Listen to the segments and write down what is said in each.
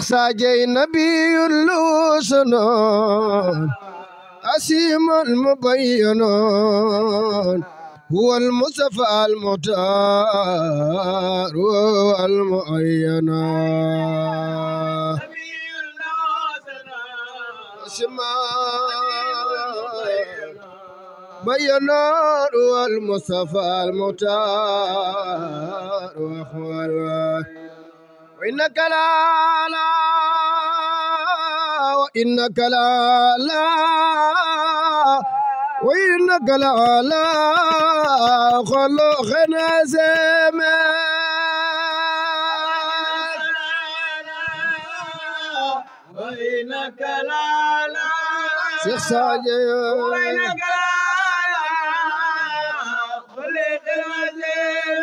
شخص جاي نبي اللوسنون أسيم المبينون هو المصطفى المختار والمؤين بينار والمصطفى المختار وخوار وإنك لا لا وإنك لا لا وإنك لا لا خلقنا زمان وإنك لا لا شيخ ساجد وإنك لا لا خلقنا زمان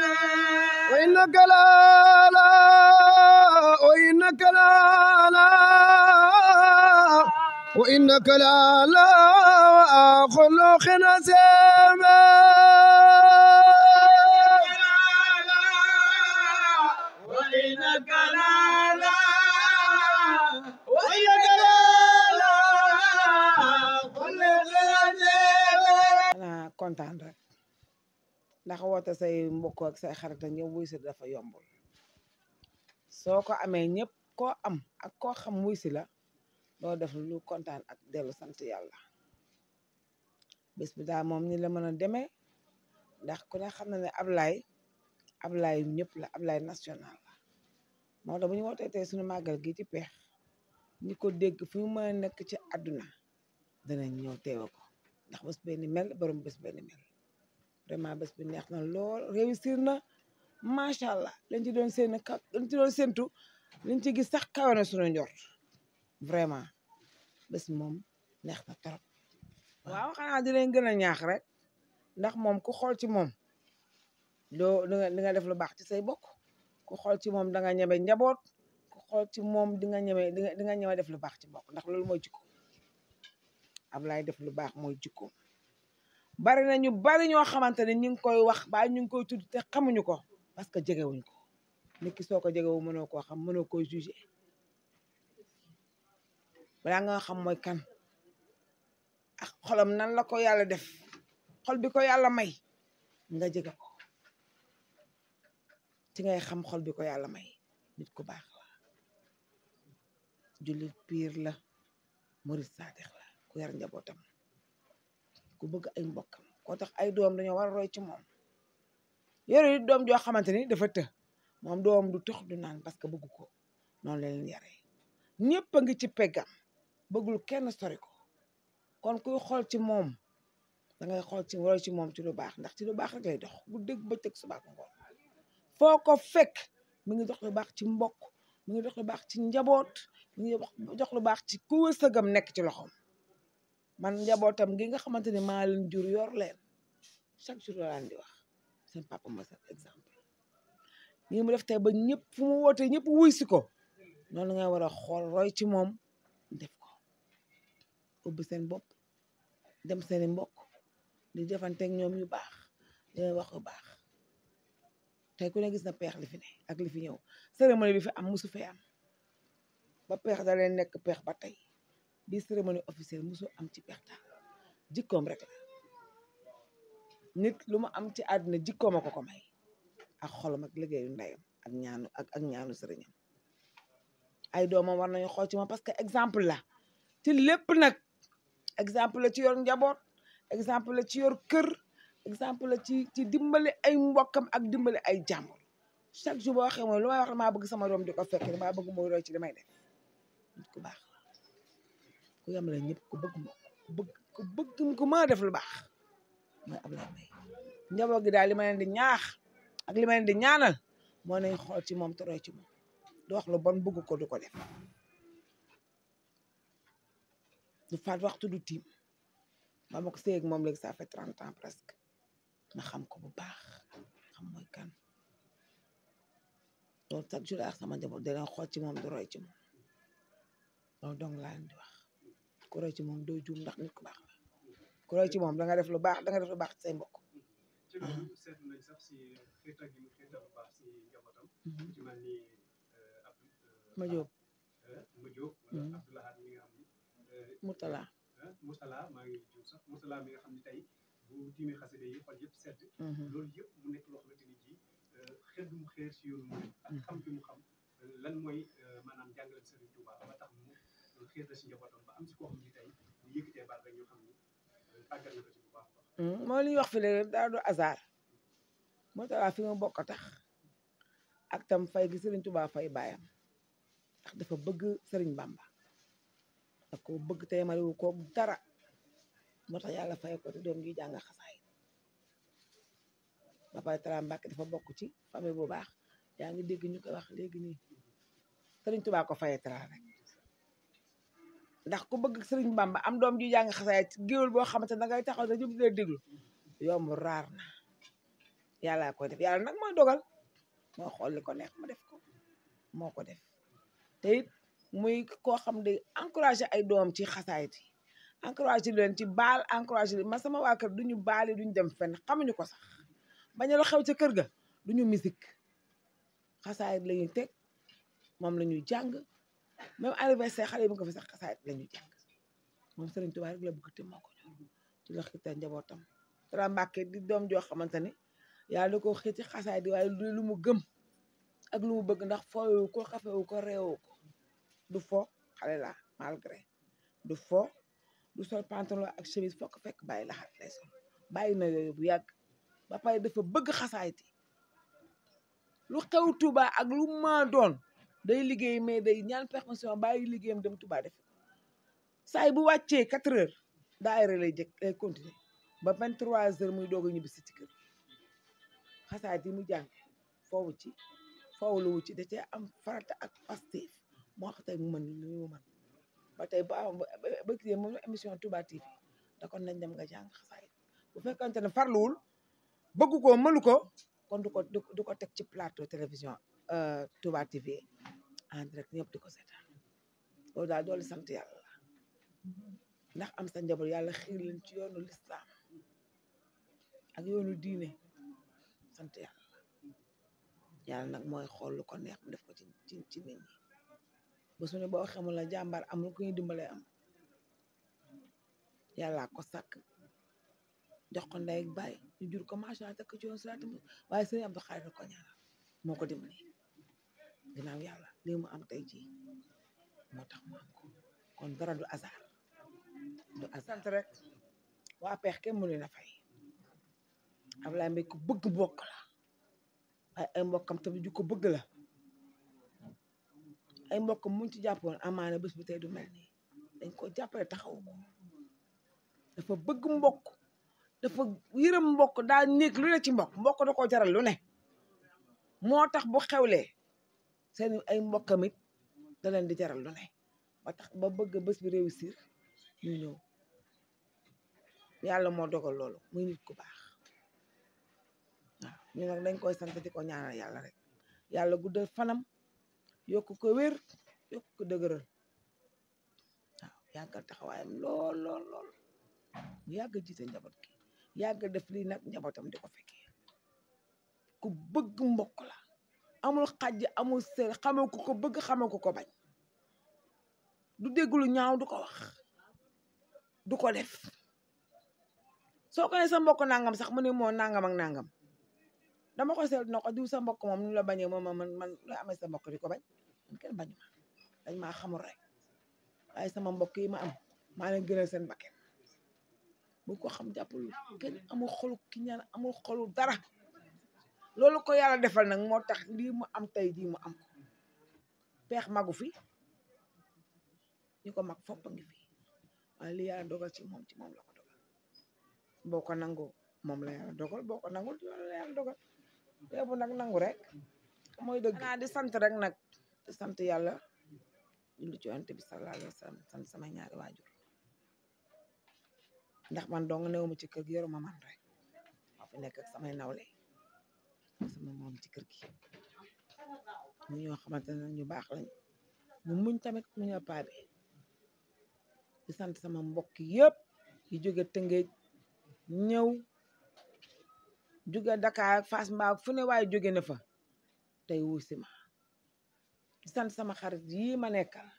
وإنك لا وإنك لا لا وإنك لا لا خلق نسيم وإنك لا لا وإنك لا لا خلق نسيم أنا كنت عندك ndax woote say mbokk ak say xarit ñëw wuy si dafa yombul soo ko amee ñëpp ko am ak ko xam muy si la loo def lu kontaan ak dellu sant yàlla bés bi daal moom ni la mëna deme ndax ku ne xam na ne ablay ablay ñëpp la ablay national la moo tax buñu wote wootee tey suñu màggal gi ci peex ñi ko dégg fu mu mëna a nekk ci àdduna danañ ñëw teewe ko ndax bés mel borom bés benn mel vraiment bés bi neex na lool réussir na mashallah lañ ci doon seen ka lañ ci doon sentu liñ ci gis sax kawana suñu njort vraiment bés mom neex na torop waaw xana di leen gëna ñaax rek ndax mom ku xol ci mom do li nga def lu bax ci say bokk ku xol ci mom da nga ñëmé njabot ku xol ci mom di nga ñëmé di nga ñeme def lu bax ci bokk ndax loolu moy jikko Ablaye def lu bax moy jikko bari nañu bari ño xamante ñing koy wax ba ñing koy tuddu te xamuñu ko parce que wuñ ko nit ki soko ko wu mëno ko xam mëno ko juger bala nga xam moy kan ak xolam nan la ko yalla def xol bi ko yàlla may nga jege ko ci ngay xam xol bi ko yàlla may nit ku baax la jullit pire la murit sadiq la ku yar njabotam ku bëgg ay mbokkam ko tax ay doom dañu war roy ci mom yore it doom joo xamante ni dafa të moom doom du tox du naan parce que bëgg ko noonu la leen yare ñëpp a ngi ci peggam bëggul kenn sori ko kon kuy xool ci moom da ngay xool ci wala ci moom ci lu baax ndax ci lu baax rek lay dox bu dégg ba teg subaak ngoon foo ko fekk mi ngi dox lu baax ci mbokk mi ngi dox lu baax ci njaboot mi ngi dox lu baax ci ku wërsëgam nekk ci loxoom man njabootam gi nga xamante ne maa leen jur yor leen chaque jour la di wax seen papa ma sa exemple nii mu def tey ba ñëpp fu mu wootee ñëpp wuy si ko noonu la nga war a xool roy ci moom def ko ubbi seen bopp dem seeni mbokk di defanteeg ñoom yu baax di wax yu baax tey ku ne gis na peex li fi ne ak li fi ñëw cérémonie bi fi am musu fee am ba peex da leen nekk peex ba tey bi cérémonie officielle musu am ci peex daal jikkoom rek nit lu mu am ci àdduna jikkooma ko ko may ak xolam ak liggéeyu ndeyam ak ñaanu ak ak ñaanu sëriñam ay doomam war nañu xool ci moom parce que exemple la ci lépp nag exemple la ci yor njaboot exemple la ci yor kër exemple la ci ci dimbali ay mbokkam ak dimbali ay jàmbur chaque jour boo waxee mooy lu may wax damaa bëgg sama doom di ko fekk damaa bëgg mooy roy ci damay def la ñëpp ku bëgg moo ku def lu baax mooy Ablaye Mbaye njaboot gi daal li ma leen di ñaax ak li ma leen di moo nañ xool ci moom toroy ci moom du wax bëgg ko du ko def du faat waxtu du tiim ma ko séeg moom léegi ça fait trente ans presque ma xam ko bu baax xam mooy kan loolu chaque jour ak sama njaboot dina xool ci moom du roy ci moom loolu laa leen di wax ku roy ci moom doo juum ndax nit ku baax ku roy ci moom da nga def lu baax da nga def lu baax ci sax si xiirtal gi mu xiirtal lu baax si njabootam. Mhm. ci mel ni euh, ab. Euh, ma jóob euh, ma jóob. wala mhm. Abdoulahat maa ngi jóg sax Moutala xam ne tey bu tiimee xasida yi xol sedd. Mhm. loolu yëpp mu nekk loo ji xeet mu xeer si yoonu mooy maanaam jàngale Serigne Touba mooy li ñuy wax fi léegi daa du hasard moo tax waa fi ma bokk tax ak tam fay gi Serigne Touba fay baayam ndax dafa bëgg Serigne Bamba da ko bëgg tey ma ko dara moo tax yàlla fay ko te doom ji jàng xasaay ba pare Talla Mbàkke dafa bokk ci famille bu baax yaa ngi dégg ñu koy wax léegi nii Serigne Touba ko fayee Talla rek. ndax ku bëgg sëriñ Bamba am doom ju jàng xasaay ci géwél boo xamante ne dangay taxaw te jub di déglu yomb raar na yàlla koy def yàlla nag mooy dogal mooy xool li ko neex mu def ko moo ko def te it muy koo xam day encouragé ay doom ci xasaayit yi encouragé leen ci baal encouragé leen man sama waa kër duñu baali duñu dem fenn xamuñu ko sax bañ la xew ca kër ga duñu musique xasaayit la ñuy teg moom la ñuy jàng même anniversaire xale yi mu ko fi sax xasaayit la ñu jàng moom Sëriñ Tuubaa rek la bëgg te moo ko ñor ci la xiirtal njabootam Sëriñ di doom joo xamante ni yàlla da ko xiir ci xasaay di waaye lu mu gëm ak lu mu bëgg ndax fooyu ko xafewu ko réewu ko du la malgré du fo du sol pantalon ak chemise foo ko fekk bàyyi la lay sol bàyyi na yooyu bu yàgg ba pare dafa bëgg xasaayit lu xew Tuubaa ak lu ma doon day liggéey mais day ñaan permission bàyyi liggéeyam dem Touba def saa yi bu wàccee quatre heures daayira lay jëkk lay continuer ba vingt trois heures muy doog a ñibbisi ci kër xasaat yi mu jàng foofu ci foofu la wu ci da cee am farata ak Pastef moo xam mu mën li mu mën ba tey ba ba kii moom émission Touba TV da kon nañ dem nga jàng xasaay bu fekkante ne farluwul bëgg ko mënu ko kon du ko du ko teg ci plateau télévision euh, Touba TV en direct ñëpp di ko seetaan loolu daal doolu sant yàlla ndax am sa njaboot yàlla xiir leen ci yoonu lislaam ak yoonu diine sant yàlla yàlla nag mooy xool lu ko neex mu def ko ci ci ci nit ñi ne boo xamul la jàmbaar amul ku ñuy dimbalee am yàllaa ko sàkk jox ko ndey ak baay ñu jur ko macha allah takk ci yoon siraat waaye sëriñ Abdou Khadre ko ñaanal moo ko dimbali ginnaaw yàlla lii mu am tey jii moo tax mu ko kon dara du hasard du sant rek waa peex kenn mënu na fay Ablaye Mbaye ku bëgg bokk la waaye ay mbokkam tamit ju ko bëgg la ay mbokkam muñ ci jàppoon amaana bés bu tey du mel nii dañ ko jàppale taxawu ko dafa bëgg mbokk dafa yërëm mbokk daa néeg lu ne ci mbokk mbokk da koo jara lu ne moo tax bu xewlee seen ay mbokkam it da len di jaral lu ne ba tax ba bëgg bëss bi réussir ñu ñëw yalla mo dogal lolu muy nit ku baax ñu nak dañ koy sant diko ñaanal yalla rek yalla guddal fanam yok ko wër yok ko dëgëral waaw taxawayam lol lol lol lool mu yàgg jiite njaboot gi def li nak njabootam diko fekke ku bëgg mbokk la amul xajj amul sër xamal ko ko bëgg xamal ko ko bañ du dégg ñaaw du ko wax du ko def soo ko ne sa mbokk nangam sax mu ne moo nangam ak nangam dama ko seetlu na ko diw sa mbokk moom ñu la bañee moom man man la amee sa mbokk di ko bañ man kenn bañu ma dañ maa xamul rek waaye sama mbokk yi ma am maa leen gënal seen bakken bu ko xam jàppul kenn amul xolu ki ñaan amul xolu dara loolu ko yalla defal nak moo tax lii mu am tay jii mu am ko magu fi ñu ko mag fop ngi fi ali ya dogal ci mom ci mom la ko dogal boko ko mom la yalla dogal boko nangul ci la yalla dogal yóbbu nak nangu rek moy deug naa di sante rek nak di sant yàlla julli ci yonent bi sallallahu alaihi wasallam sante sama ñaari wajur ndax man dong neewuma ci kër gi yoruma man rek ma fi nek ak samay nawle sama moom ci kër gi ñu ñoo xamante ne ñu baax lañ ñu muñ tamit mu di sant sama mbokk yëpp yi jóge Tëngéej ñëw jóge Dakar Fass Mbao fu ne waaye jóge na fa tey wuy si ma di sant sama xarit yii ma nekkal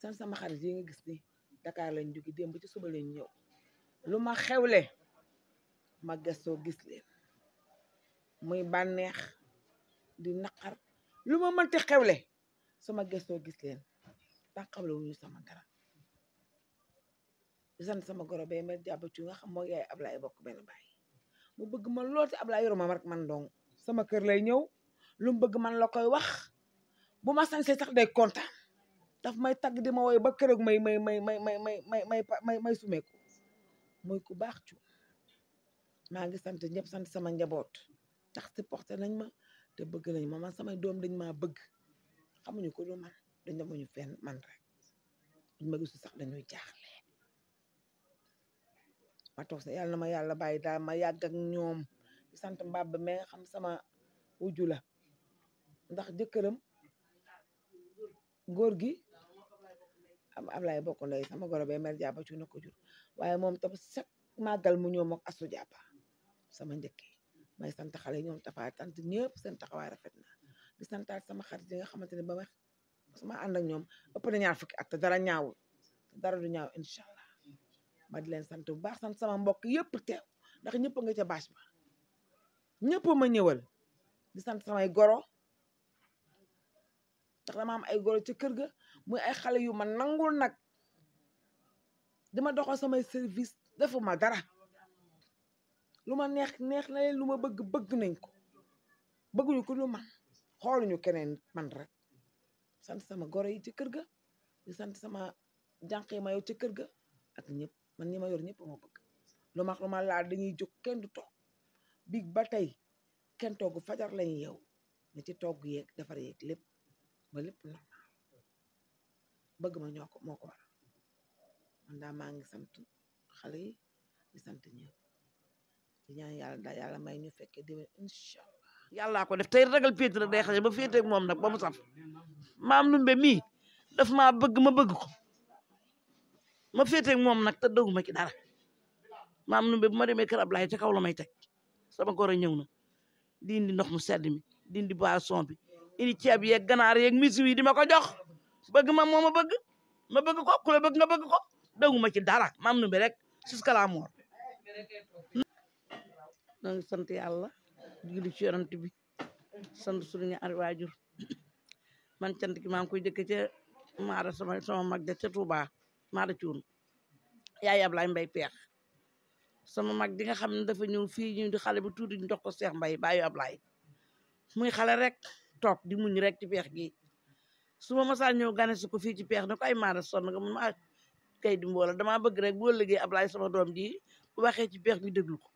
sant sama xarit yi nga gis ni Dakar lañ jóge démb ci suba lañ ñëw lu ma xewle ma gëstoo gis leen muy bànneex di naqar lu ma mënti xewle sama gëstoo gis leen tax xamle wuñu sama dara di sama goro bay ma jàpp ci nga xam moo yaay Ablaye bokk benn baay mu bëgg ma lool te ma rek man dong sama kër lay ñëw lu mu bëgg man la koy wax bu ma sañsee sax day kontaan daf may tagg di ma wooy ba keroog may may may may may may may may may may sumeeku mooy ku baax cu maa ngi sant ñëpp sant sama njaboot ndax supporté nañ ma te bëgg nañ ma man samay doom dañ maa bëgg xamuñu ko du man dañ demañu fenn man rek duñ ma gisu sax dañuy jaaxle ma toog sa yàlla na ma yàlla bàyyi daal ma yàgg ak ñoom di sant mbaab ba mais nga xam sama wujju la ndax jëkkëram góor gi am Ablaye bokk ndey sama goro bee mère Diaba cuuna ko jur waaye moom tam chaque màggal mu ñëw mook Asu Diaba sama njëkk may sant xale ñoom Tafa sant ñëpp seen taxawaay rafet na di santaat sama xarit yi nga xamante ne ba ma sama ànd ak ñoom ëpp na ñaar fukki at te dara ñaawul dara du ñaaw incha allah ma di leen sant bu baax sant sama mbokk yëpp teew ndax ñëpp nga ca bâche ba ñëpp ma ñëwal di sant samay goro ndax dama am ay goro ca kër ga muy ay xale yu ma nangul nag dima doxal samay service defu ma dara lu ma neex neex na leen lu ma bëgg bëgg nañ ko bëgguñu ko lu man xooluñu keneen man rek sant sama goro yi ci kër ga di sant sama jànq yi ma yow kër ga ak ñëpp man ñi ma yor ñëpp ma bëgg lu ma lu ma laal dañuy jóg kenn du toog biig ba tey kenn togg fajar lañu yow ne ci togg yeeg defar yeeg lépp ba lépp na bëgg ma ñoo ko moo ko waral man daa maa ngi sant xale yi di sant ñëpp di ñaan yàlla daal yàlla may ñu fekkee déwén incha allah. yàllaa ko def tey ragal péet nag day xaje ba féeteeg moom nag ba mu saf maam numbe mii daf ma bëgg ma bëgg ko ma féeteeg moom nag te dëgguma ci dara maam numbe bu ma demee kër Ablaye ca kaw la may teg sama góor a ñëw na di indi ndox mu sedd mi di indi boisson bi indi ceeb yeeg ganaar yeeg misiw yi di ma ko jox. bëgg mam moma bëgg ma bëgg ko ku la bëgg nga bëgg ko dawuma ci dara mam nu bi rek jusqu'à la mort nang sant yalla julli ci yarante bi sant suñu ar wajur man cant gi maa ngi koy jëkk ca maara sama sama mag de ci touba maara ciun yaay ya, ablay Mbay peex sama mag di nga xamne dafa ñew fi ñu di xale bu tuddi ñu ko cheikh Mbay bayu ablay muy xale rek top di muñ rek ci peex gi su ma masaan ñoo gane si ko fii ci peex ne ko ay maara sonn nga mun ma ah, kay di mboola damaa bëgg rek boo liggéey Ablaay sama doom ji bu waxee ci peex ñu déglu ko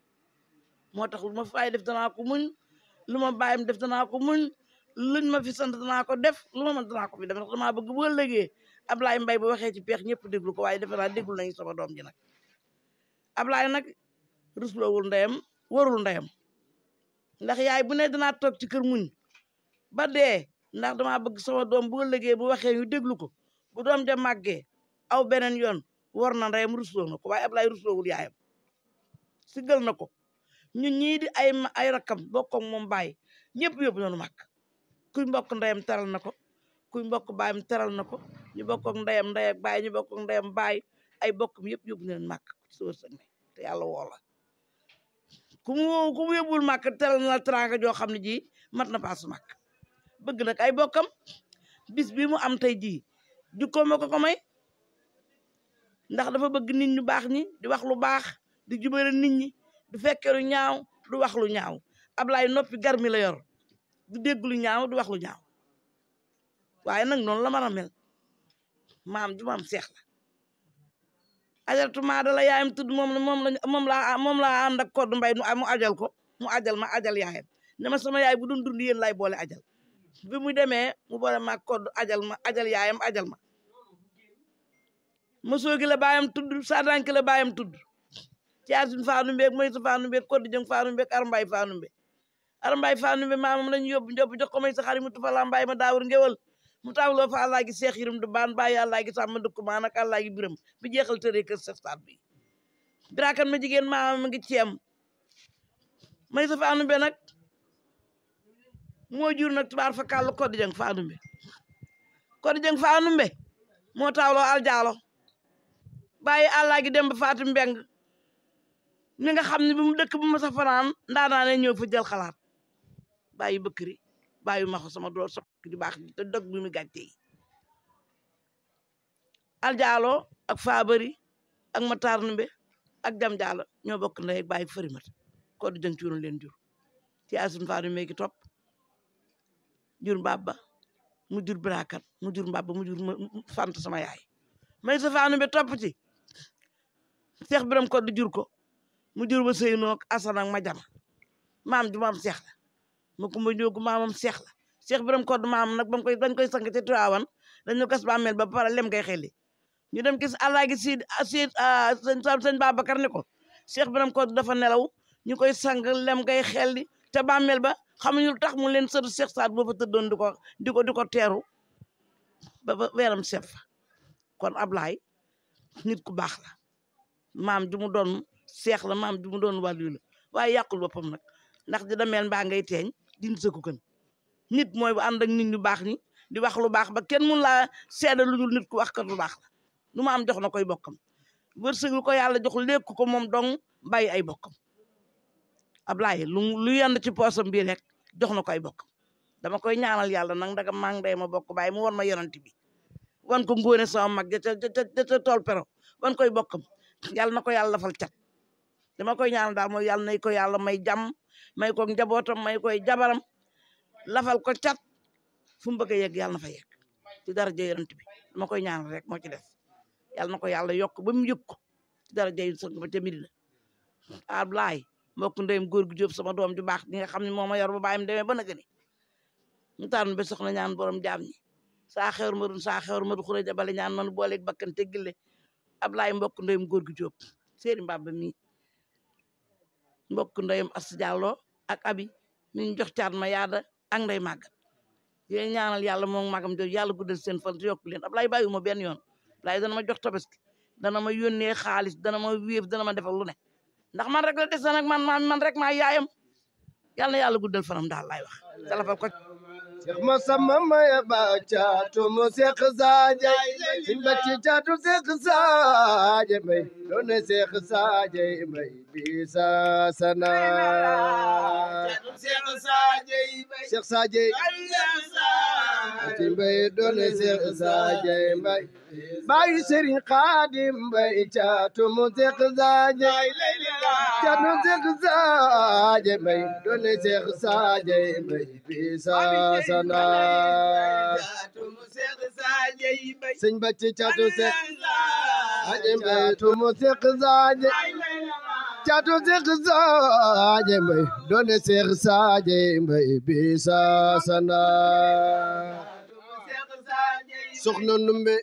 tax lu ma faay def danaa ko muñ lu ma bàyyam def danaa ko muñ luñ ma fi sant danaa ko def lu ma mën danaa ko fi def ndax damaa bëgg boo liggéey Ablaay Mbay bu waxee ci peex ñëpp déglu ko waaye defe naa na nañu soma doom ji nag Ablaay nag rusloowul ndeyam warul ndayam ndax yaay bu ne danaa toog ci kër muñ ba dee ndax dama bëgg sama doom bu ëllëgé bu waxé ñu dégglu ko bu doom ja maggé aw benen yoon war na ndeyam russo na ko ablay russo wul yaayam sigal nako ñun ñi di ay ay rakam bokk ak mom bay ñepp yóbbu ñu màgg ku mbokk ndeyam taral nako ku mbokk bayam taral nako ñu bokk ak ndeyam ndey ak bay ñu bokk ak ndeyam bay ay bokk yëpp yóbbu ñu màgg sa sene te yalla woo ku mu ku mu yóbbul màgg na la jo xamni ji mat na pass màgg bëgg nak ay bokkam bis bi mu am tay ji jukkoo ma ko ko may ndax dafa bëgg nit ñu bax ñi di wax lu bax di jubale nit ñi du fekke lu ñaaw du wax lu ñaaw ablay noppi garmi la yor du degg lu ñaaw du wax lu ñaaw waye nak non la mara mel maam ju maam cheikh la ajartu ma da la yaayam mom mom la mom la mom la and laa ànd ak kodd mbay mu ajal ko mu ajal ma ajal yaayam ne sama yaay bu doon dund lay bolé ajal bi mu demee mu boole maag kodd ajal ma ajal yaayam ajal ma mosoo gi la baayam tudd satanki la baayam tudd caasin faanu mbeeg maysa faanu mbeeg kodd jëng faanu mbeeg armbaay faanu mbeeg armbaay faanu mbeeg maamam lañu yóbbu njob jox ko may sa xari mu tufa lambaay ma daawur ngewal mu tawloo fa àllaa seex yirum du baan bàyyi àllaa gi sàmm dëkk maa nag àllaa gi biram bi jeexal tëree kër sextaat bi biraakan ma jigéen maamam ma ngi ceem may sa faanu moo jur na tubaar fa kàllu Codé Dieng Faa Numbe moo taawloo aljaalo bàyyi àllaa gi dem ba faatu mbeng mi nga xam ni bi mu dëkk bu ma sa fanaan ndaanaa ne ñëw fa jël xalaat bàyyi bëkkëri bàyyi maxo sama door sokk di baax te dog bi mu gàcce yi aljaalo ak faabari ak mataar numbe ak jam jaalo ñoo bokk ndey ak bàyyi fërimat Codé Dieng leen jur ci asun faatu mbey topp jur mbabba mu jur birakat mu jur mbabba mu jur sant sama yaay may safaanu be topp ci seex biram ko du jur ko mu jur ba sëy noog asan ak ma mam maam mam maam seex la ma kumba njoogu maamam seex la seex biram ko du maam koy dañ koy sank ci tuwaawan dañu kas bàmmeel ba pare lem koy xeli ñu dem gis àllaaji si ah, si ah, sëñ sëñ Babacar ne ko seex biram ko dafa nelaw ñu koy sang lem koy xeli te bàmmeel ba xamuñu lu tax mu leen sëtu Cheikh Saad boo fa tëddoon di ko di ko di ko teeru ba weeram seet kon Ablaye nit ku baax la maam ju mu doon seex la maam ju mu doon wàllu la waaye yàqul boppam nag ndax di dameel mbaa ngay teeñ din sëku kan nit mooy bu ànd ak nit ñu baax ñi di wax lu baax ba kenn mun laa seede lu dul nit ku wax kat lu baax la lu ma am jox na koy bokkam wërsëg ko yàlla jox lekk ko moom dong bàyyi ay bokkam Ablaye lu lu yand ci poosam bii rek jox na ko ay bokk dama koy ñaanal yàlla nag ndaga maa ngi day ma bokk bàyyi mu won ma yonanti bi wan ko ngóone sama mag ja ca ca pero wan koy bokkam yàlla na ko yàlla dafal cat dama koy ñaanal daal mooy yàlla nay ko yàlla may jàmm may ko njabootam may koy jabaram lafal ko cat fu bëgg yegg yàlla na fa yegg ci bi dama koy ñaanal rek moo ci def yàlla na ko yàlla yokk ba mu yëg ko ci daraja yi sëñ ba mbokk ndeyam góor gu Jóob sama doom ju baax ñi nga xam ne moo ma yor ba bàyyam demee ba nag ni mu tànn ba soxna ñaan borom jaam ñi saa xewar madun saa xewar madu xuré jabale ñaan manu booleeg bakkan te gille Ablaay mbokk ndeyam góor gu Jóob séeri mbabba mi mbokk ndeyam As Jàllo ak abi mi jox caat ma yaada ak nday màggat yéen ñaanal yàlla moom magam jooju yàlla guddal seen fan yokk leen Ablaay bàyyiwuma benn yoon Ablaay dana ma jox tabaski dana ma yónnee xaalis dana ma wéef dana ma defal lu ne ndax man rek la des na nag man man rek maa yaayam yàlla na yàlla guddal fanam daal laay wax. Cheikh Massamba Maya Ba caatu mu Cheikh Saajay sin bacci caatu Cheikh Saajay may doone Cheikh Saajay may bisa sana Cheikh Saajay Cheikh Saajay sin bay doone Cheikh Saajay may bay Serigne Khadim bay caatu mu Cheikh Saajay caatu Cheikh Saajay may doone Cheikh Saajay Masana sëñ Bàcci caatu Seex aje mbay tu mu Seex saaje caatu Seex saaje mbay doone Seex saaje mbay bi saasana soxna numbe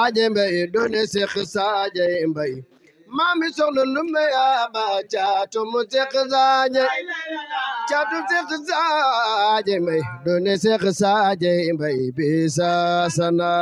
aje mbay doone Seex saaje mbay maami soxna numbe aba caatu mu Seex saaje caatu Seex Saaje Mbay doone Seex Saaje Mbay bi saasana